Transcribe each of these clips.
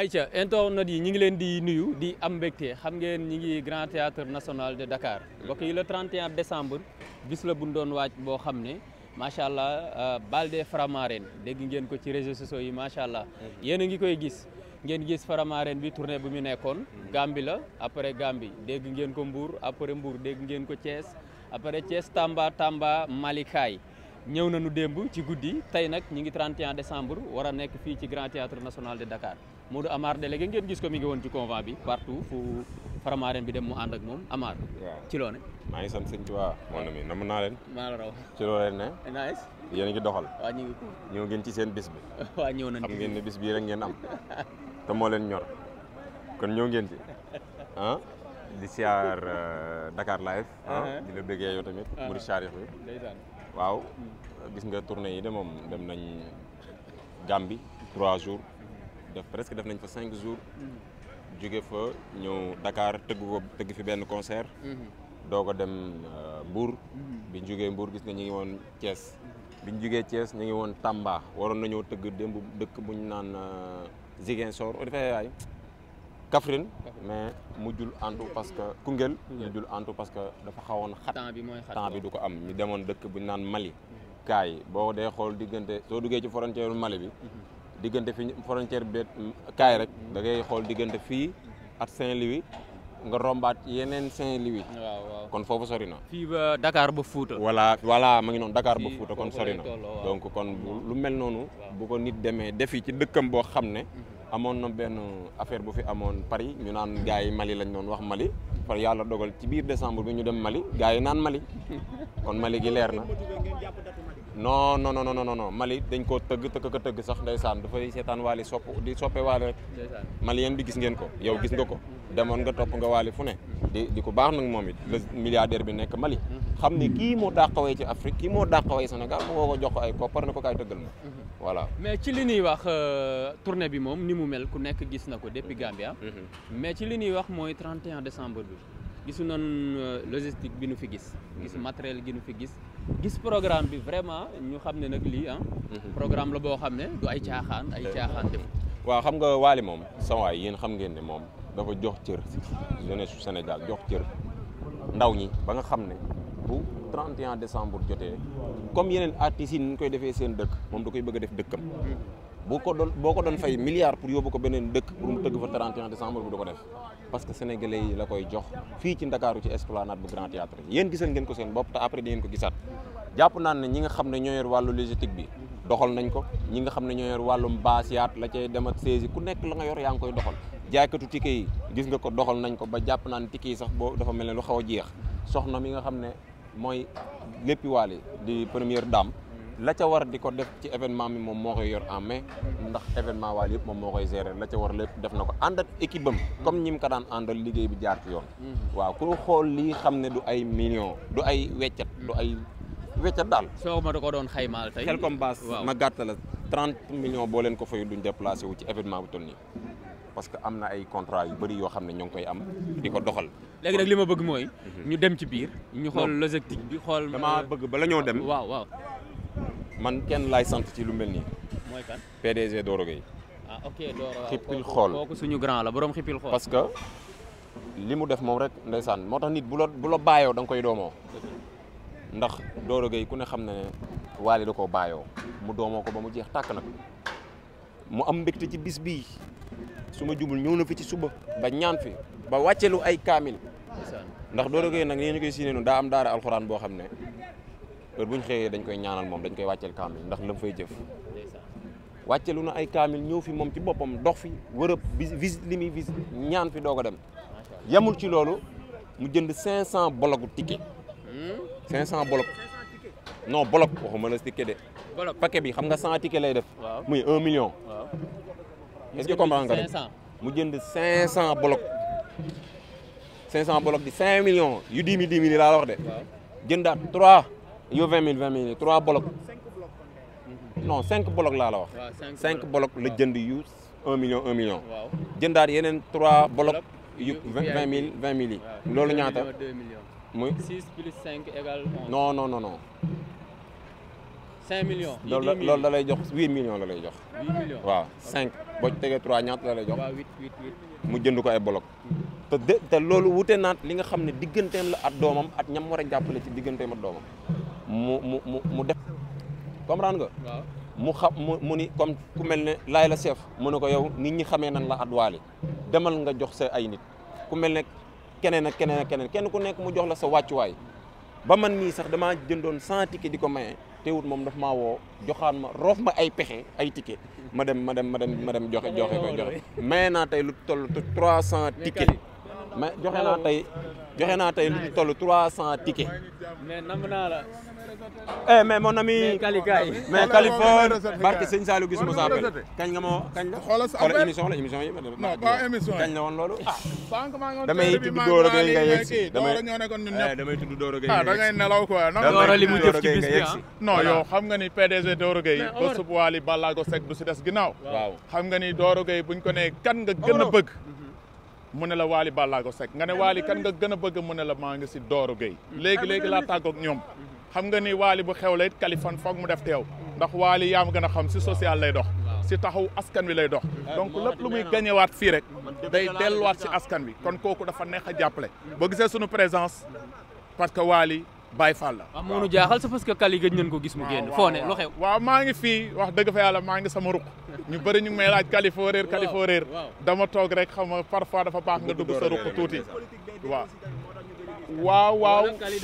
ayca internet yi ñi ngi leen di nuyu di am mbégte xam ngeen ñi ngi Grand Théâtre National de Dakar mbokk yi le 31 décembre bis la bun doon waaj boo xam ne macha allah euh, Balde Faramaren dégg ngeen ko ci réseau sociaux yi macha allah yéen a ngi koy gis ngeen gis Faramaren bi tournée bu mu nekkoon gambi la après Gambie dégg ngeen ko mbuur après mbuur dégg ngeen ko Thiès après Thiès Tamba Tamba Malikaay ñëw nu démb ci guddi tey nag ñi ngi 31 décembre war nekk fii ci Grand Théâtre National de Dakar Modou Amar délégué ngeen gis ko mi ngi woon ci convent bi partout fu Faramareen bi dem mu ànd ak moom Amar. waaw ci loone maa ngi sant sëñ Tuubaa moo na mi nam naa leen. maa la ci ne. nice. yéen doxal. waaw ñu ngi ñëw ngeen ci seen bis bi. waaw ñëw nañ ci xam ngeen ne bis bi rek ngeen am te moo leen ñor kon ñëw ngeen ci ah. di siyaar euh, Dakar live. Ah? Uh-huh. di la bëggee yow tamit. Uh-huh. Mouride Charif bi. waaw gis nga tournée yi de moom dem nañ Gambie trois jours. def presque def nañ fa cinq jours hmm. jóge fa ñëw Dakar tëgg ko tëgg fi benn concert hmm. doo ko dem euh, Mbour hmm. bi jógee Mbour gis na ñu ngi woon Thiès biñ jógee Thiès ñu ngi woon Tamba waroon nañoo tëgg démb dëkk buñ naan euh, Ziguinchor o defee waay Kaffrine mais mujjul antu parce que Koungheul mujjul antu parce que dafa xawoon xat temps bi du ko am ñu demoon dëkk buñ naan Mali kaay boo dee xool diggante soo duggee ci frontière Mali bi diggante fi frontière bi kaay rek da ngay xool diggante fii at saint liwi nga rombaat yeneen Saint-Louis. waaw kon foofu sori na. fii ba Dakar ba Fouta. voilà voilà ngi noonu Dakar ba Fouta sori na donc kon lu mel noonu. bu ko nit demee defi ci dëkkam boo xam ne. Mhm. amoon na benn affaire bu fi amoon Paris ñu naan gars yi Mali lañ doon wax Mali par yàlla dogal ci biir décembre bi ñu dem Mali gars yi naan Mali kon Mali gi leer na. non non no non Mali dañ koo tëgg tëgg ko tëgg sax ndeysaan dafay seetaan waali sopp di soppe waali rek malien bi gis ngeen ko yow gis nga ko demoon nga topp nga waali fu ne di ko baax nag moom it le milliardaire bi nekk Mali xam ne kii moo dàqawee ci Afrique kii moo dàqawee Sénégal mu woo ko jox ko ay koppar ne ko kaay tëggal ma voilà mais ci li ñuy wax euh, tournée bi moom ni mu mel ku nekk gis na ko depuis Gambia mhm. mais ci li ñuy wax mooy 31 décembre bi gisu nañ euh, logistique bi nu fi gis mhm. gis matériel gi nu fi gis gis programme bi vraiment ñu xam ne nag lii ah programme la boo xam ne du ay caaxaan ay caaxaan dem waaw xam nga Waly moom sawaay yéen xam ngeen ne moom dafa jox cër jeunesse su Sénégal jox cër ndaw ñi ba nga xam ne bu 31 décembre jotee comme yeneen artistes yi ni ñu koy defee seen dëkk moom da koy bëgg def dëkkam mhm. boo ko doon boo ko doon fay milliard pour yóbbu ko beneen dëkk pour mu tëgg fa 31 décembre bi du def parce que sénégalais yi la koy jox fii ci ndakaaru ci esplanade bu grand théâtre yéen gisal ngeen ko seen bopp te après di ngeen ko gisaat jàpp naan ne ñi nga xam ne ñoo wàllu logistique bi doxal nañ ko ñi nga xam ne ñoo yor wàllum baas yaat la cay dem ak saisi ku nekk la nga yor yaa ngi koy doxal jaaykatu ticket yi gis nga ko doxal nañ ko ba jàpp naan ticket yi sax boo dafa mel ne lu xaw a jeex soxna mi nga xam ne mooy léppi waale di première dame la ca war di ko def ci événement mi moom moo koy yor en mais ndax événement waal yëpp moom moo koy gérer la ca war lépp def na ko ànd ak équipe comme ñi mu ko daan àndal liggéey bi jaar ci yoon mhm. waaw ku xool lii xam ne du ay million du ay weccat du ay weccat daal soo ma da ko doon xaymaal tey xel comme base ma gàtta la trente millions boo leen ko fayu duñ déplacé wu ci événement bu toll nii parce que am na ay contrat yu bëri yoo xam ne ñoo ngi koy am di ko doxal léegi nag li ma bëgg mooy mhm. ñu dem ci biir ñu xool logistique bi xool dama euh, bëgg bala ñoo dem waaw waaw man kenn laay sant ci lu mel nii. mooy kan PDG Doro Gueye. ah ok xippil xool kooku suñu grand la borom xippil xool. parce que li mu def moom rek ndeysaan moo tax nit bu la bu la baayoo da koy doomoo. ndax Doro Gueye ku ne xam ne waale da koo baayoo mu doomoo ko ba mu jeex tàkk nag mu am mbégte ci bis bii su ma jubul ñëw na fi ci suba ba ñaan fi ba lu ay kaamil. ndax Doro Gueye nag yéen a koy siineenu daa am daara alxuraan boo xam ne. heure bu dañ koy ñaanal moom dañ koy wàcceel kaamil ndax la mu fay na ay kaamil ñëw fi moom ci boppam dox fi wërëb visite li muy ñaan fi doog a dem yamul ci loolu mu jënd 500 bologu ticket 500 bolog non bolog waxuma la ticket de paquet bi xam nga 100 lay def muy 1 million est-ce que comprends nga mu jënd 500 bolog 500 bolog di 5 millions yu 10 000 10 000 laa la de jëndaat yow vingt mille vingt mille trois blocs non cinq blocs laa la wax cinq blocs la jënd yu un million un million jëndaat yeneen trois blocs yu vingt mille vingt mille yi loolu ñaata muy six plus cinq égale onze non non non non loolu loolu la lay jox huit million la lay jox waaw cinq boo ci tegee trois ñaata la lay jox mu jënd ko ay blocs te de te loolu wute naat li nga xam ne digganteem la at doomam at ñam war a jàppale ci digganteem at doomam mu mu mu mu def ran nga mu xam mu mu ni comme ku mel ne laay la chef mu ne ko yow nit ñi xamee nan la adwaali demal nga jox sa ay nit ku mel ne keneen ak keneen ak keneen kenn ku nekk mu jox la sa wàccuwaay ba man mii sax damaa jëndoon cent ticket di ko maye teewut moom daf maa woo joxaan ma roof ma ay pexe ay ticket ma dem ma dem ma dem ma dem joxe joxe ko joxe maye naa tey lu toll trois cent ticket mais joxe naa tey joxe naa tey lu ñu toll 300 tickets. mais nam naa la. eh mais mon ami. mais Kalika yi mais Californie. barke Sëñ Saliou gis mu saapel. kañ nga moo kañ la. xoolal émission la émission yi. non pas émission kañ la woon loolu. ah eh, damay tudd Doro Gueye ah, nga yegg damay damay tudd Doro da ngay nelaw quoi. Doro li mu jëf ci bis bi ah. yow xam nga ni PDG Doro Gueye. ba subu Waly Ballago Seck du si des ginnaaw. waaw xam nga ni Doro Gueye buñ ko nee kan nga gën a bëgg. Mhm. mu ne la Waly Ballago Seck nga ne Waly kan nga gën a bëgg mu ne la maa ngi si Doro Gueye léegi léegi laa tàggoog ñoom xam nga ni Waly bu xew la it Kaliphone foog mu def teew ndax Waly yaa ma gën a xam si social lay dox si taxaw askan wi lay dox donc lépp lu muy gañewaat fii rek day delluwaat si askan wi kon kooku dafa neex a jàppale boo gisee sunu présence parce que Waly Baye Fall la. waaw moo nu jaaxal c'est parce que kàll yi gëj nañ ko gis. mu génn foo ne waaw maa ngi fii wax dëgg fa yàlla maa ngi sama ruq. ñu bëri ñu ngi may laaj kàlli foo réer kàlli foo réer. dama toog rek xam nga parfois dafa baax nga dugg sa ruq tuuti waaw. waaw waaw kali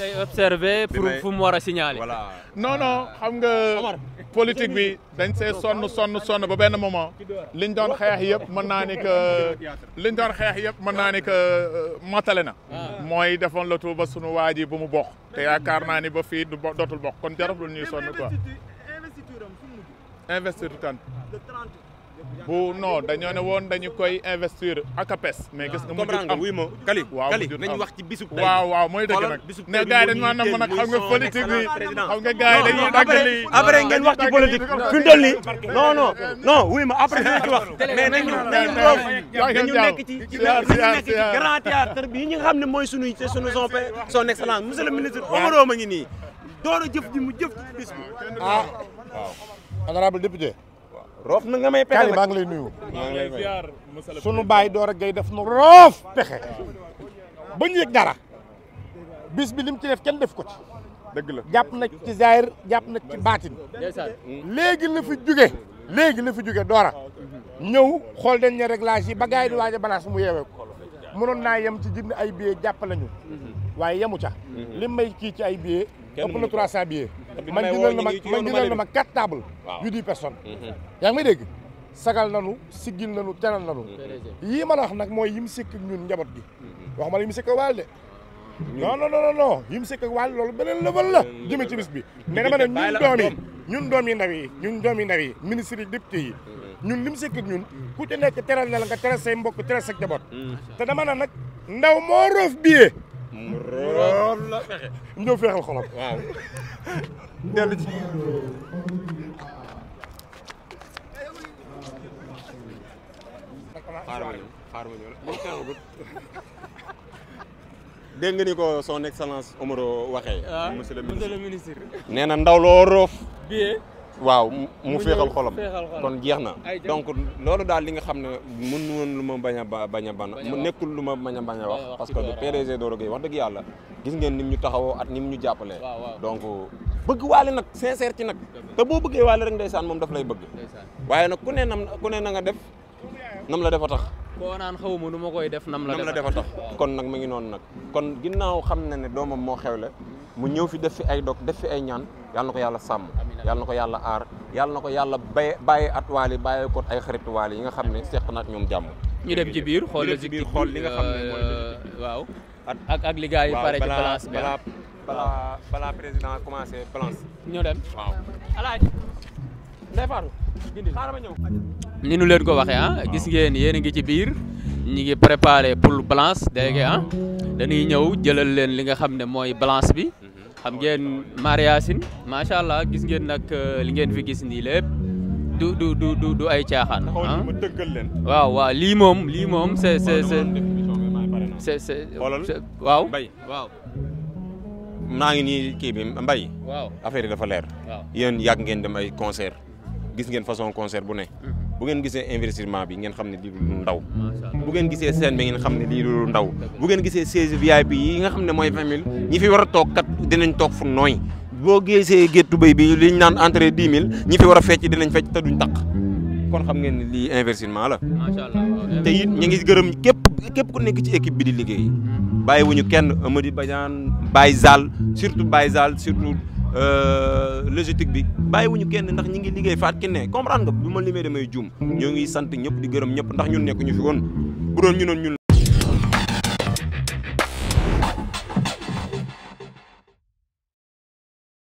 day fu mu war a signaler. voilà non xam nga politique bi dañ see sonn sonn sonn ba benn moment liñ doon xeex yëpp mën naa ni liñ doon xeex yëpp mën naa ni que euh, matale na. Ah. mooy defoon la ba sunu waa ji bu mu bokk. te yaakaar naa ni ba fii du dootul bokk kon jarul ñuy sonn quoi. investiture am bu non dañoo ne woon dañu koy investir ak APES. mais gis nga mujj am comprendre ma Kali. waaw Kali nañ wax ci bisub tey waaw waaw mooy dëgg nag. ne tey gars yi dañu maanaam man nag xam nga politique bi xam nga gars yi dañuy daggali. après ngeen wax ci politique fi mu toll nii non non ma après ñu ci wax. mais nañu nekk ci grand théâtre bi ñi nga xam ne mooy sunuy sunu son son excellence monsieur ministre Omaro ma ngi nii. door a jëf ji mu jëf ci bis bi. ah roof na may pexe ngi lay nuyu. maa nu lay nuyu bàyyi door ak gay def nu roof pexe ba ñu yëg dara bis bi lim ci def kenn def ko ci. dëgg la jàpp na ci zaahir jàpp na ci baatin. léegi la fi jóge léegi la jóge doora. ñëw xool dañ ne réglage yi ba gars yi di waaj a mu yeewee ko. mënoon naa yem ci jënd ay billets jàppale ñu. Mhm. waaye yemu ca. Mhm. lim may kii ci ay billets. ëpp na 300 billets. man jëndal na ma man jëndal na ma quatre table yu dix personnes mhm. yaa ngi may dégg sagal nanu siggil nanu teral nanu mhm. yii ma la wax nag mooy yim sikk ñun njaboot gi mhm. wax ma la yim sikk waal de non non non non yim sikk waal loolu beneen level la jëme ci bis bi mais dama ne ñun doom yi ñun doom yi ndaw yi ñun doom yi ndaw yi ministre yi député yi ñun lim sikk ñun ku ci nekk teral na la nga teral say mbokk teral sa njaboot te dama ne nag ndaw moo roof billet mu rool la fexe. mu ñëw feexal xolam. waaw. dellu ci. xaaral ma ñëw xaaral ma ñëw la moom feexagut. dégg nga ni ko son excellence Omaro waxee. Ah, monsieur le ministre nee na ndaw loo roof. waaw mu féexal xolam kon jeex na donc loolu daal li nga xam ne mën woon lu ma bañ a bañ a ban mu nekkul lu ma bañ a bañ a wax parce que le PDG Doro Gueye wax dëgg yàlla gis ngeen nim ñu taxawoo at nim ñu jàppalee donc bëgg waale nag sincère ci nag te boo bëggee waale rek saan moom daf lay bëgg waaye nag ku ne nam ku ne na nga def nam la dafa tax koo naan xaw ma nu ma koy def nam la nam la dafa kon nag mu ngi noonu nag kon ginnaaw xam na ne doomam moo xewle mu ñëw fi def fi ay dog def fi ay ñaan yàlla ko yàlla sàmm yàlla na ko yàlla aar yàlla ko yàlla bay bàyyi at waal yi bàyyi ay xarit waal yi nga xam ne seq naat ak ñoom jàmm. ñu dem ci biir xool la ci biir xool li nga xam ne mooy euh, waaw ak ak li gars président commencé balance. ñu dem waaw. alaaji Ndeye Fatou leen ko waxee ah gis ngeen yéen a ngi ci biir ñi ngi préparé pour balance délégué ah dañuy ñëw jëlal leen li nga xam ne mooy balance bi. xam ngeen Mariasin macha allah gis ngeen nag euh, li ngeen fi gis nii lépp du du du du du ay caaxaan. ah waaw waaw lii moom lii moom c'est c'est c'est c'est waaw mbay waaw. naa ngi nii kii bi mbay. waaw affaire dafa leer. waaw yéen yàgg ngeen dem ay concert gis ngeen façon concert bu ne. Mm-hmm. bu ngeen gisee investissement bi ngeen xam ne lii du ndaw. bu ngeen gisee scène bi ngeen xam ne lii du ndaw. bu ngeen gisee siège VIP yi nga xam ne mooy 20 ñi fi war a toog dinañ toog fu nooy boo gisee géttu béy bi liñ naan entrée di mille ñi fi war a fecc dinañ fecc te duñ taq kon xam ngeen ne lii investissement la. te it ñu ngi gërëm képp képp ku nekk ci équipe bi di liggéey bàyyiwuñu kenn Amady Badiane Baye Zal surtout Baye Zal surtout euh, logistique bi bàyyiwuñu kenn ndax ñi ngi liggéey faat ki ne comprendre nga bu ma limee may juum. ñoo ngi sant ñëpp di gërëm ñëpp ndax ñun nekkuñu fi woon bu doon ñu noon ñun.